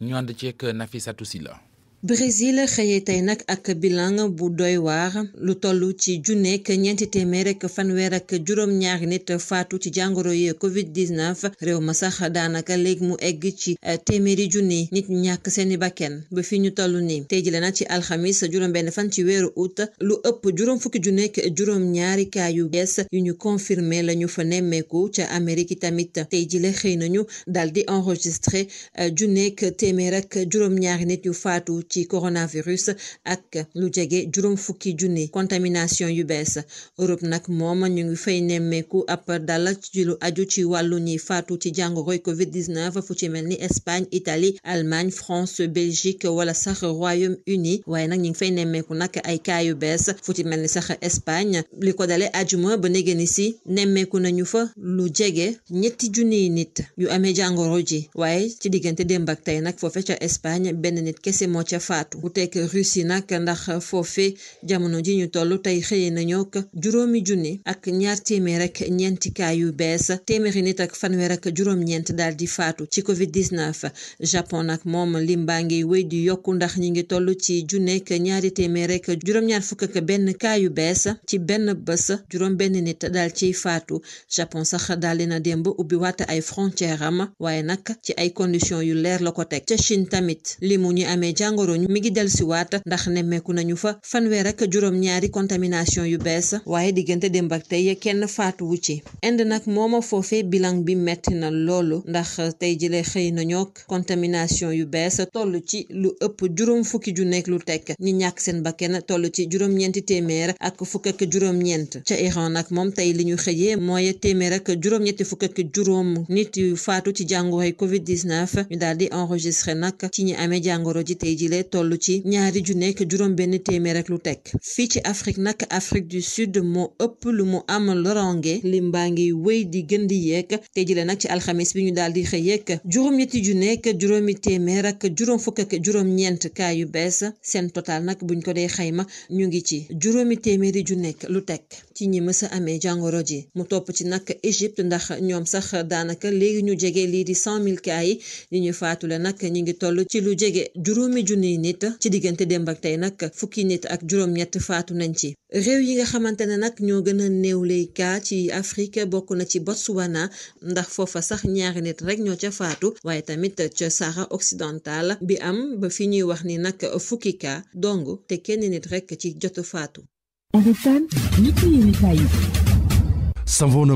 ñu ànd ceeg Nafissatou Sylla Brésil xëyee tey nag ak bilan bu doy waar lu toll ci junneeg ñeenti téeméer ak fanweer ak juróom-ñaari nit faatu ci jàngoro yi Covid 19 réew ma sax daanaka léegi mu egg ci eh, téeméeri junni nit ñàkk seeni bakken ba fi ñu toll nii tey jëlee na ci alxamis juróom-benn fan ci weeru août lu ëpp juróom fukki junneeg juróom-ñaari kaa yu bees yu ñu confirmé la ñu fa nemmeeku ca Amérique tamit tey jile xëy nañu daal di enregistré eh, junneeg téeméer ak juróom-ñaari nit yu faatu. ci coronavirus ak lu jege juróom fukki junni contamination yu bees Europe nag moom ñu ngi fay nemmeeku ab dal ci lu aju ci wàllu ñi faatu ci jàngoroy Covid 19 fu ci mel ni Espagne Italie Allemagne France Belgique wala sax Royaume-Uni waaye nag ñu ngi fay nemmeeku nag ay cas yu bees fu ci mel ni sax Espagne li ko dale ajuma ba négéeni si nemmeeku nañu fa lu jege ñetti junniy nit yu amee jàngoro ji waaye ci diggante démb ak tey nag foofe ca Espagne benn nit kese moo ca ca faatu bu tekk Russie nag ndax foofe jamono ji ñu toll tey xëye nañu ak juróomi junni ak ñaar téeméer ak ñeenti kaa yu bees téeméeri nit ak fanweer ak juróom-ñeent daal di faatu ci Covid 19 Japon nag moom lim baa ngi wéy di yokku ndax ñi ngi toll ci junneek ñaari téeméer ak juróom-ñaar fukk ak benn kaa yu bees ci benn bés juróom benn nit daal ciy faatu Japon sax daal dina démb ubbi waat ay frontière am waaye nag ci ay conditions yu leer la ko teg ca Chine Cameroun mi ngi dellusiwaat ndax nemmeeku nañu fa fanweer ak juróom-ñaari contamination yu bees waaye diggante démb ak tey kenn faatuwu ci Inde nag mooma foofee bilan bi metti na loolu ndax tey jile xëy nañoo contamination yu bees toll ci lu ëpp juróom fukki ju nekk lu tekk ñi ñàkk seen bakken toll ci juróom-ñeenti téeméer ak fukk ak ca Iran moom tey liñu ñu xëyee mooy téeméer juróom fukk ak nit faatu ci jàngoroy covid ñu daal di enregistré ci ñi amee jàngoro ji tey jile loolee toll ci ñaari ju nekk juróom benn téeméer ak lu teg fii ci Afrique nag Afrique du Sud moo ëpp lu mu am lorange lim baa ngi wey di gën di yeeg te jëlee nag ci alxamis bi ñu daal di xëy yeeg juróom-ñetti ju nekk juróomi téeméer ak juróom fukk ak yu bees seen total nag buñ ko dee xayma ñu ngi ci juróomi téeméeri ju nekk lu teg ci ñi mës a amee jàngoro ji mu topp ci nag Égypte ndax ñoom sax daanaka léegi ñu jege lii di cent mille yi li ñu faatule nag ñu ngi toll ci lu jege juróomi junniy nit ci diggante démb ak tey nag fukki nit ak juróom-ñett faatu nañ ci. réew yi nga xamante ne nag ñoo gën a néew lay ci Afrique bokk na ci Botswana ndax foofa sax ñaari nit rek ñoo ca faatu waaye tamit ca Sahara occidentale bi am ba fi ñuy wax ni nag fukki ka dong te kenn nit rek ci jotu faatu. Aldesan,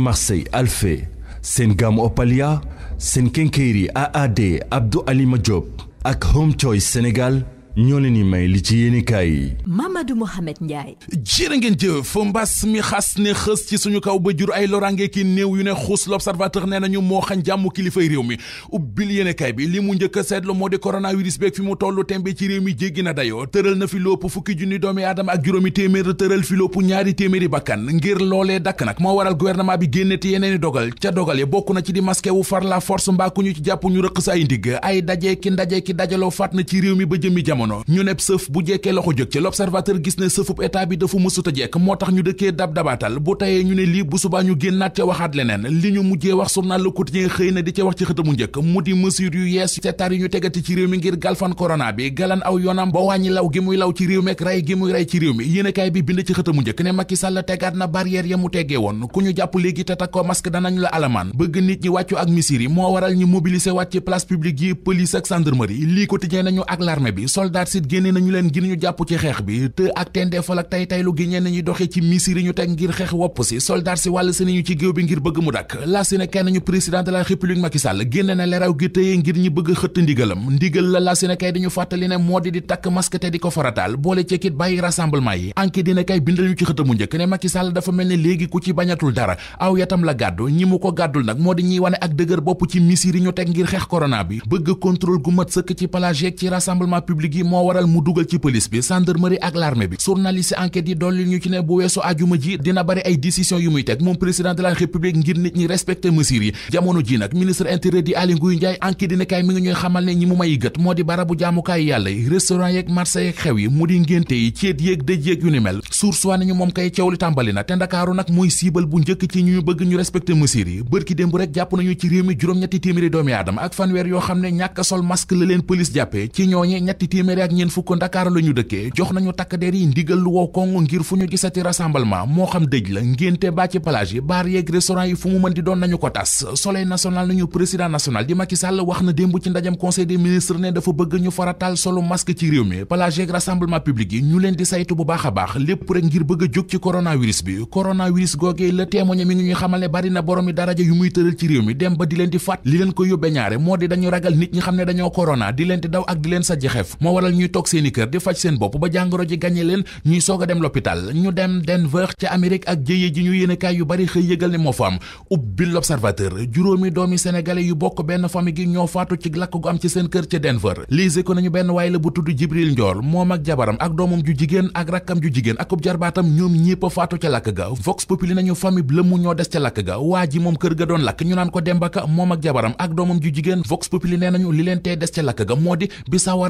Marseille, Alfé, Sengam Opalia, Senkenkeri, AAD, Abdou Ali Majob, ak Home Choice Senegal ñoo leen di may li ci yéenekaay yi Mamadou Mohamed Ndiaye jërë ngeen jëf mbas mi xas ne xës ci suñu kaw ba jur ay lorange ki néew yu ne xuus l'observateur nee nañu moo xañ jàmm kilifay réew mi ubbil yéenekaay bi li mu njëkk a seetlu moo di coronavirus beeg fi mu tollu tembe ci réew mi jéggi na dayoo tëral na fi lopp fukki junni doomi aadama ak juróomi téeméer tëral fi lopp ñaari téeméeri bakkan ngir loolee dakk nag moo waral gouvernement bi génneti yeneeni dogal ca dogal ya bokk na ci di masqué far la force mbaa ku ñu ñu rëq sa ay ndigg ay dajee ki dajaloo faat na ci réew mi ba jëmi jamono jamono ñu neb sëf bu jekkee loxo jóg ci l'observateur gis ne sëfub état bi dafa mësuta jekk moo tax ñu dëkkee dab dabaatal bu tayee ñu ne lii bu subaa ñu génnaat ca waxaat leneen li ñu mujjee wax journal Le Quotidien xëy na di ca wax ci xëtamu njëkk mu di mesure yu yees seetaar yi ñu tegati ci réew mi ngir galfan corona bi galan aw yoonam ba wàññi law gi muy law ci réew mi ak ray gi muy ray ci réew mi yéenekaay bi bind ci xëtamu njëkk ne Macky Sall tegaat na barrière ya mu teggee woon ku ñu jàpp léegi te takkoo masque danañu la alamaan bëgg nit moo waral ñu mobiliser wàcc ci place publique yi police lii quotidien nañu ak bi soldat sit génne leen ngir ñu jàpp ci xeex bi te ak tendeefal ak tay taylu gi ñeen nañuy doxee ci misir ñu teg ngir xeex wopp si soldat si wàll si nañu ci géew bi ngir bëgg mu dakk la nañu président de la dañu fàttali ne moo di di takk masque te di ko farataal boole ci bàyyi rassemblement yi enquête dina kay bindal ñu ci xëtt njëkk ne Macky dafa mel ne léegi ku ci bañatul dara aw yatam la gàddu ñi mu ko gàddul nag moo di ñiy wane gi mo waral mu duggal ci police bi gendarmerie ak l'armée bi journaliste enquête yi dolli ñu ci ne bu weesu aljuma ji dina bari ay décision yu muy tek mom président de la république ngir nit ñi respecter mesure yi jamono ji nak ministre intérieur di ali Ngouille Ndiaye enquête dina kay mi ngi ñuy xamal ne ñi mu may modi di barabu jamu kay yalla restaurant yek marché yek xew yi mudi ngenté yi ceet yek dëj yek yu ni mel source wa ñu mom kay ciowli tambali na té dakaru nak moy cible bu ñëk ci ñu bëgg ñu respecter mesure yi bërki dembu rek japp nañu ci réew mi juroom ñetti doomi adam ak fanwer yo xam ñaka sol masque le leen police jappé ci ñetti téeméeri ak ñeent fukk Ndakaaru la ñu dëkkee jox nañu takk der yi ndigal lu woo kongu ngir fu ñu gisati rassemblement moo xam dëj la ngénte ba ci plage yi baar yeeg restaurant yi fu mu mën di doon nañu ko tas soleil national nañu président national di Macky Sall wax na ci ndajam conseil des ministres dafa bëgg ñu faratal solo masque ci réew mi plage yeeg rassemblement public yi ñu leen di saytu bu baax a baax lépp rek ngir bëgg a jóg ci coronavirus bi coronavirus googee la témoigné mi ngi ñuy bari na daraja yu muy tëral ci réew mi dem ba di leen di li leen ko dañu ragal nit ñi xam ne dañoo corona di leen di daw ak di leen sa waral ñuy toog seeni kër di faj seen bopp ba jàngoro ji gàññe leen ñuy soog dem l'hôpital ñu dem Denver ca Amérique ak jëye ji ñu yéenekaay yu bari xëy yëgal ne moo fa am ubbi l'observateur juróomi doomi sénégalais yu bokk benn famille gi ñoo faatu ci lakk gu am ci seen kër ca Denver liise ko nañu benn waaye la bu tudd Jibril ndior moom ak jabaram ak doomam ju jigéen ak rakkam ju jigéen ak ub jarbaatam ñoom ñépp faatu ca lakk ga Vox Populi nañu famille lëmu ñoo des ca lakk ga waa ji kër ga doon lakk ñu naan ko dembaka moom ak jabaram ak doomam ju jigéen Vox Populi nee nañu li leen tee des ca lakk ga moo di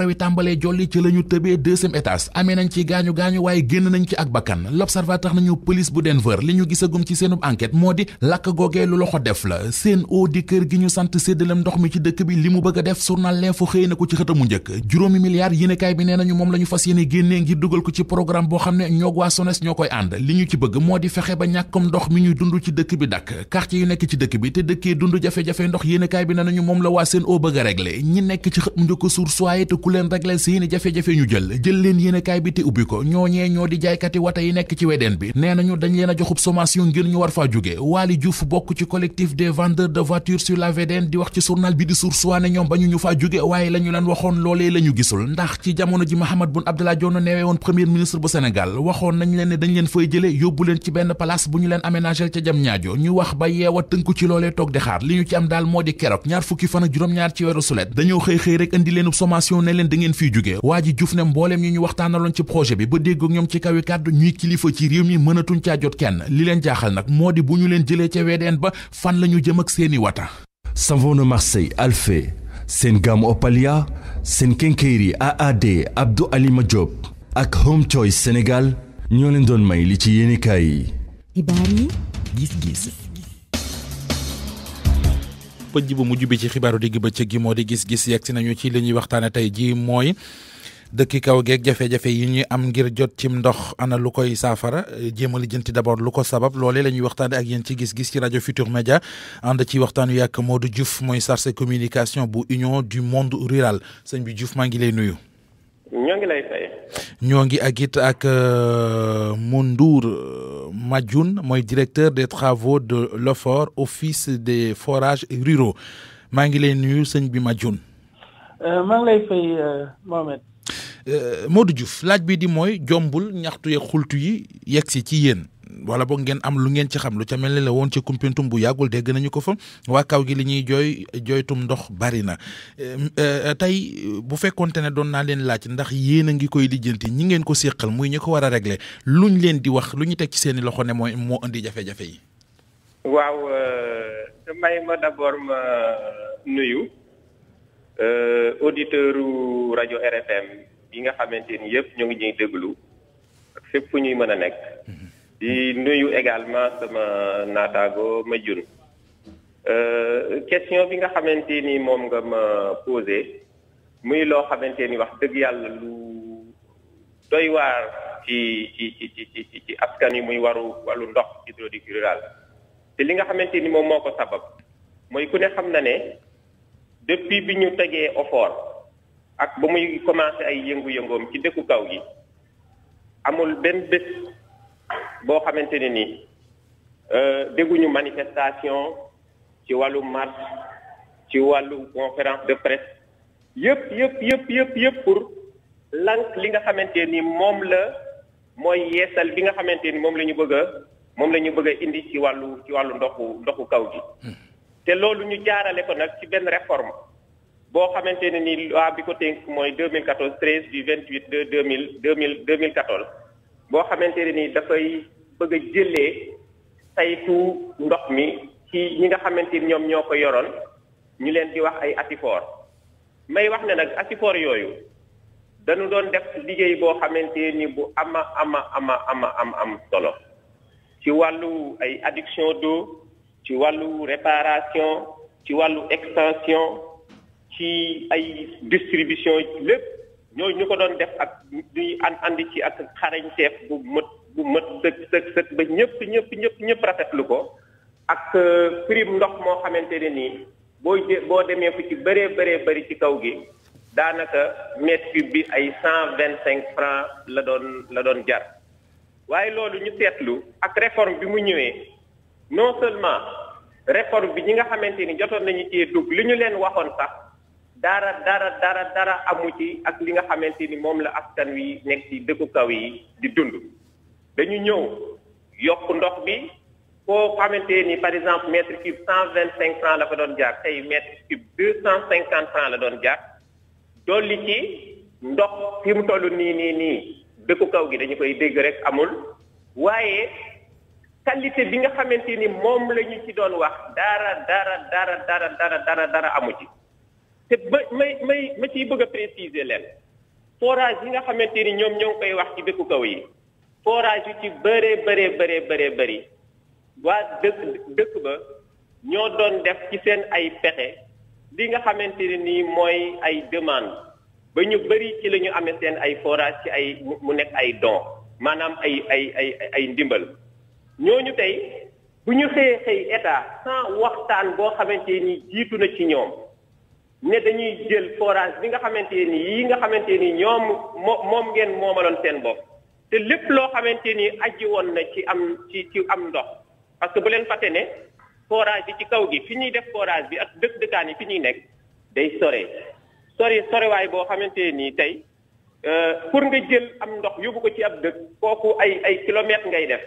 wi tàmbalee jolli ci la ñu tëbee deuxième étage amee nañ ci gaañu gaañu waaye génn nañ ci ak bakkan l'observateur tax nañu police bu Denver li ñu gisagum ci seenub enquête moo di lakk googee lu loxo def la seen oo di kër gi ñu sant séddalem ndox mi ci dëkk bi li mu bëgg a def journal l'info xëy na ko ci xëtamu njëkk juróomi milliards yéenekaay bi nee nañu moom la ñu fas yéene génnee ngir dugal ko ci programme boo xam ne ñoog waa SONES ñoo koy ànd li ñu ci bëgg moo di fexe bi dakk quartier yu seeni jafe-jafe ñu jël jël leen yéenekaay bi te ubbi ko ñooñee ñoo di jaaykati wata yi nekk ci wedeen bi nee nañu dañ leen a joxub sommation ngir ñu war faa jóge Waly Diouf bokk ci collectif des vendeurs de voitures sur la VDN di wax ci journal bi di Source A ne ñoom ba ñu ñu faa jóge waaye la ñu leen waxoon loolee la ñu gisul ndax ci jamono ji Mahammed Boun Abdallah Dionne neewee woon premier ministre bu Sénégal waxoon nañ leen ne dañ leen fay jële yóbbu leen ci benn place bu ñu leen aménagel ca jam ñaajo ñu wax ba yeewa tënku ci loolee toog moo di keroog ñaar fukki fan ak juróom-ñaar ci weeru sulet dañoo xëy xëy rek leen sommation ngeen fii jugee waa ji Diouf ne mbooleem ñi ñu waxtaanaloon ci projet bi ba déggoog ñoom ci kawi kàddu ñuy kilifa ci réew mi mënatuñ caa jot kenn li leen jaaxal nag moo di bu ñu leen jëlee ca weedeen ba fan la ñu jëm ak seeni wata savon de Marseille Alphé seen gamme Opalia seen kenkeeri AAD Abdou Alima Diop ak Home Choice Sénégal ñoo leen doon may li ci yéenekaay yi. pëj bu mujj bi ci xibaaru digg bëccëg gi moo di gis-gis yegg nañu ci li ñuy waxtaane tey jii mooy dëkk kaw geeg jafe-jafe yi ñuy am ngir jot cim ndox ana lu koy saafara eh, jéem a lijjanti d'abord lu ko sabab loole la ñuy waxtaane ak yéen ci gis-gis ci rajo Futur Média ànd ci waxtaan wi moo du Diouf mooy chargé communication bu Union du monde rural sëñ bi Diouf maa ngi lay nuyu ñoo ngi lay fay. ak euh, euh, directeur des travaux de l'OFOR office des forages ruraux maa ngi lay nuyu sëñ bi euh, maa ngi lay fay Mohamed. Modou Diouf laaj bi di mooy jombul ñaxtu xultu yi wala boog ngeen am lu ngeen ci xam lu ca mel ni la woon ci Koumpentoum bu yàggul dégg nañu ko fa waa kaw gi li ñuy jooy jooytum ndox bari na euh, euh, tey bu fekkonte ne doon naa leen laaj ndax yéen a ngi koy lijjanti ñi ngeen ko séqal muy ñu ko war a régler luñ leen di wax lu ñu teg ci seeni loxo ne mooy moo indi jafe-jafe yi. waaw euh, may ma d'abord ma nuyu auditeur u RFM yi nga xamante ni ñu ngi ñuy déglu ak ñuy mën a nekk. Mm-hmm. di nuyu également sama naataango ma jun euh, question bi nga xamante ni moom nga ma posé muy loo xamante ni wax dëgg yàlla lu doy waar ci ci ci ci ci askan yi muy waru wàllu ndox hydraulique rural te li nga xamante ni moom moo ko sabab mooy ku ne xam na ne depuis bi ñu tegee OFOR ak ba muy commencé ay yëngu-yëngoom ci dëkku kaw gi amul benn bés boo xamante ne ni euh, dégguñu manifestation ci wàllu marche ci le conférence de presse yep, yep, yep, yep, yep, pour lank li nga xamante ni moom la mooy yeesal bi nga xamante ni moom la ñu bëgg a moom la ñu bëgg a indi ci wàllu ci wàllu ndoxu ndoxu kaw gi te loolu ñu jaarale ko nag ci benn réforme boo xamante ni loi bi ko tënk 2014 13 du 28 de 2000 2000 2014 boo xamante ne ni dafay bëgg a jëlee saytu ndox mi ci ñi nga xamante ni ñoom ñoo ko yoroon ñu leen di wax ay asifoor may wax ne nag asifoor yooyu dañu doon def liggéey boo xamante ni bu ama ama ama ama am am solo ci wàllu ay adduction do ci wàllu réparation ci wàllu extension ci ay distribution lépp ñoo ñu ko doon def ak di an andi ci ak xarañteef bu mët bu mët sëg sëg sëg ba ñëpp ñëpp ñëpp ñëpp rafetlu ko ak euh, prime ndox moo xamante ne nii boo boo demee fu ci bëree bëree bëri ci kaw gi daanaka mètre bi ay cent vingt cinq francs la doon la doon jar waaye loolu ñu seetlu ak réforme bi mu ñëwee non seulement réforme bi ñi nga xamante ni jotoon nañu cee dugg li ñu leen waxoon sax dara dara dara dara amu ci ak li nga xamanteni mom la askan wi nek ci deku kaw yi di dund dañu ñew yok ndox bi ko xamanteni par exemple mètre cube 125 francs la fa doon jaar tay mètre cube 250 francs la doon jaar doli ci ndox fi mu tollu ni ni ni deku kaw gi dañ koy dégg rek amul waye qualité bi nga xamanteni mom lañu ci doon wax dara dara dara dara dara dara dara amu ci te ba may may ma ciy bëgg a leen forage yi nga xamante ni ñoom ñoo ngi koy wax ci dëkku kaw yi forage yu ci bëree bëree bëree bëree bëri waa dëkk dëkk ba ñoo doon def ci seen ay pexe li nga xamante ne nii mooy ay demande ba ñu bëri ci la ñu amee ay forage ci ay mu nekk ay don maanaam ay ay ay ay ndimbal ñooñu tey bu ñu xëyee xëy état sans waxtaan boo xamante ni jiitu na ci ñoom ne dañuy jël forage bi nga xamante nii yi nga xamante nii ñoom moo moom ngeen moom moomaloon seen bopp te lépp loo xamante ni aji woon na ci am ci ci am ndox parce que bu leen fàtte ne forage bi ci kaw gi fi ñuy def forage bi ak dëkk dëkkaan fi ñuy nekk day sore sore sorewaay boo xamante nii tey euh, pour nga jël am ndox yóbbu ko ci ab dëkk kooku ay ay kilomètres ngay def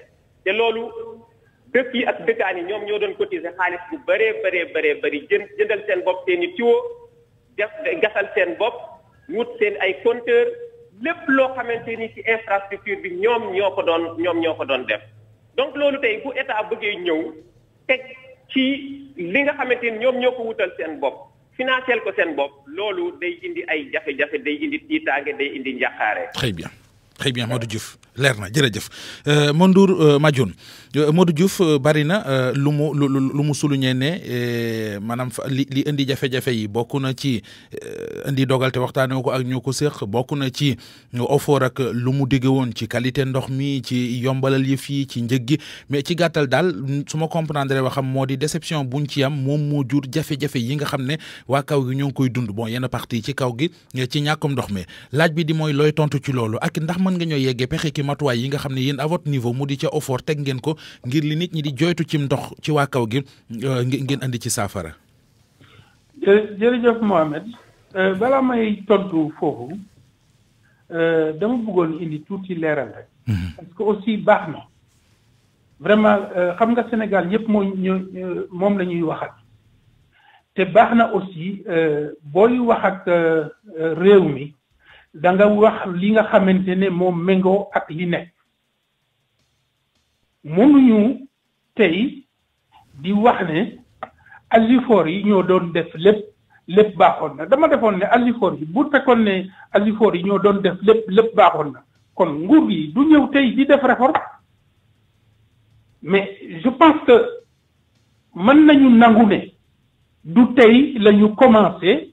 te loolu dëkk yi ak dëkkaan yi ñoom ñoo doon cotiser xaalis bu bëree bëree bëree bëri jën jëndal seen bopp i tuyaux def gasal seen bopp wut seen ay compteur lépp loo xamante ni ci infrastructure bi ñoom ñoo ko doon ñoom ñoo ko doon def donc loolu tey bu état bëggee ñëw teg ci li nga xamante ni ñoom ñoo ko wutal seen bopp financé ko seen bopp loolu day indi ay jafe-jafe day indi tiitaange day indi njaqaare. très bien très bien Modou Diouf. leer na jërëjëf euh, Mondour euh, Madioune euh, Modou Diouf bari na lu mu lu lu mu souligné ne maanaam li li indi jafe-jafe yi bokk na ci indi dogal te waxtaanee ko ak ñoo ko séq bokk na ci offort ak lu mu digg woon ci qualité ndox mi ci yombalal yëf yi ci njëg gi mais ci gàttal daal su ma comprendre xam moo di déception buñ ci am moom moo jur jafe-jafe yi nga xam ne waa kaw gi ñoo ngi koy dund bon yenn parti ci kaw gi ci ñàkkum ndox mi laaj bi di mooy looy tontu ci loolu ak ndax mën nga ñoo yeggee ci matuwaay yi nga xam ne yéen à votre niveau mu di ca effort teg ngeen ko ngir li nit ñi di joytu cim ndox ci waa kaw gi euh, ngeen andi ci saafara. jërëjëf jërëjëf Mohamed euh, balaa may tontu foofu euh, dama bëggoon indi tuuti leeral rek. Mhm. parce que aussi baax na. vraiment xam nga Sénégal ñëpp moo moom la ñuy waxat te baax na aussi booy wax ak réew mi da nga wax li nga xamante ne moo méngoo ak li nekk mënuñu tey di wax ne asifor yi ñoo doon def lépp lépp baaxoon na dama defoon ne asifor yi bu fekkoon ne asifor yi ñoo doon def lépp lépp baaxoon na kon nguur gi du ñëw tey di def réforme mais je pense que mën nañu nangu ne du tey lañu ñu commencé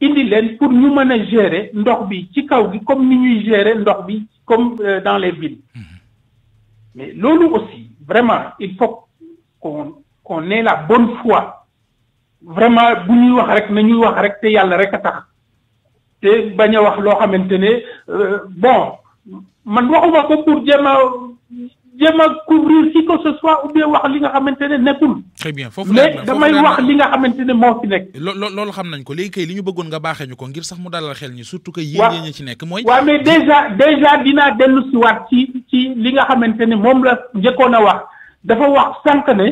indi leen pour ñu mën a gérer ndox bi ci kaw gi comme ni ñuy gérer ndox bi comme euh, dans les villes mm-hmm. mais loolu aussi vraiment il faut qu'on ait la bonne foi vraiment bu ñuy wax rek na ñuy wax rek te yàlla rek a tax te bañ a wax loo xamante ne euh, bon man waxuma ko pour jéem jéem a couvrir si que ce soit ou bien wax li nga xamante ne nekkul. très bien foofu mais damay wax li nga xamante ne moo fi nekk. lo loolu xam nañ ko léegi kay li ñu bëggoon nga baaxee ñu ko ngir sax mu dalal xel ñi surtout que. waaw yéen ñi ci nekk mooy. waaw mais déjà déjà dinaa dellu si waat ci ci li nga xamante ne moom la njëkkoon a wax dafa wax sànq ne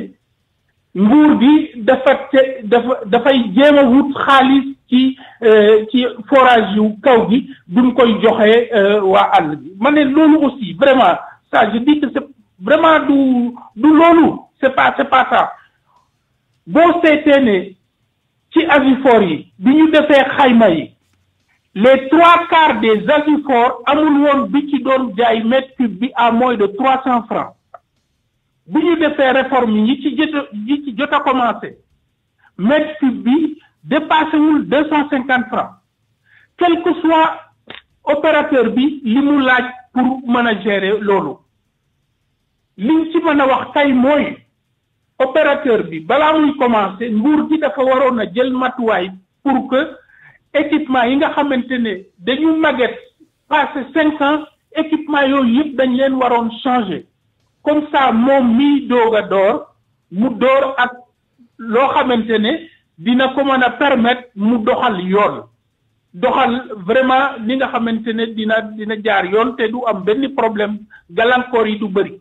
nguur bi dafa dafa dafay jéem a wut xaalis ci euh, ci forage yu kaw gi duñ koy joxe euh, waa àll bi ma ne loolu aussi vraiment ça je dis que c'est vraiment du du lolo, c'est pas c'est pas ça boo seetee ne ci avifor yi bi ñu defee xayma yi les trois quarts des avifor amul woon bi ci doon mètre cube à moins de 300 francs bi ñu defee réforme yi ci jot commencé mètre cube bi dépassé wul francs quel que soit opérateur bi li mu laaj pour mën a gérer loolu liñ ci mën a wax tey mooy opérateur bi balaa muy commencé nguur gi dafa waroon a jël matuwaay pour que équipement yi nga xamante ne dañu màgget passé cinq ans équipement yooyu yëpp dañ leen waroon changer comme ça moom mii doog a door mu door ak loo xamante ne dina ko mën a permettre mu doxal yoon doxal vraiment li nga xamante ne dina dina jaar yoon te du am benn problème gàllankoor yi du bëri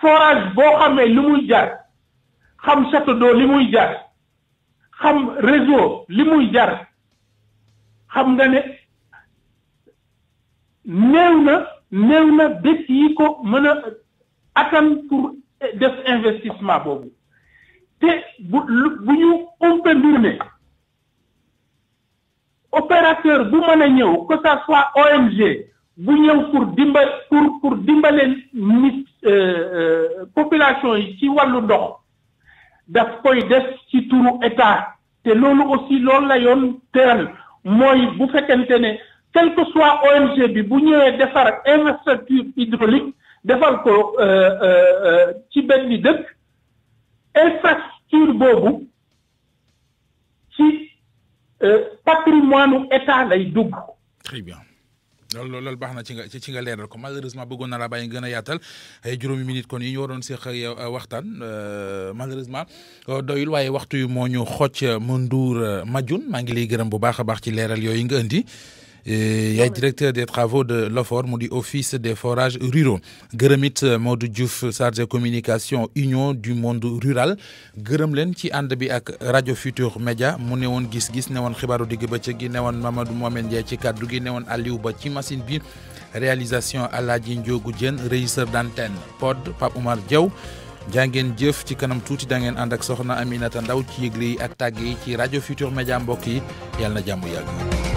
forage vous xamé li muy jar xam château jar xam réseau li muy jar xam nga né vous, pour def investissement boobu te opérateur bu que ça soit ONG bu ñëw pour dimba pour pour dimbale nit euh, euh, population yi ci walu ndox daf koy def ci turu état te loolu aussi loolu la yoon tëral mooy bu fekkente ne quel que soit ONG bi bu ñëwee defar infrastructure hydraulique defal ko euh, ci benn dëkk infrastructure boobu ci patrimoine état lay dugg. Très bien. lool lool baax na ci nga ci nga leeral ko malheureusement bëggoon na laa bàyyi gën a yaatal ay juróomi minute kon yi ñu waroon seq ak yow euh, waxtaan euh, malheureusement euh, doyul waaye waxtu yu moo ñu xocc Mandour Madioune maa ngi lay gërëm bu baax a baax ci leeral yooyu nga indi il y a directeur des travaux de l'OFOR mu di office des forages ruraux gërëm it euh, Diouf chargé communication union du monde rural gërëm qui ci ànd bi ak Radio Futur Média mu ne gis-gis ne woon xibaaru digg bëccëg gi ne woon Mamadou Mohamed Ndiaye ci kàddu gi ne Aliou Ba ci machine bi réalisation Aladji Ndiogu Dieng régisseur d'antenne pod Pape Oumar Diaw jàngeen jëf ci kanam touti da ngeen ànd ak soxna Aminata Ndaw ci yëgle ak tàgg ci Radio Futur Media mbokk yi yàlla jamu yalla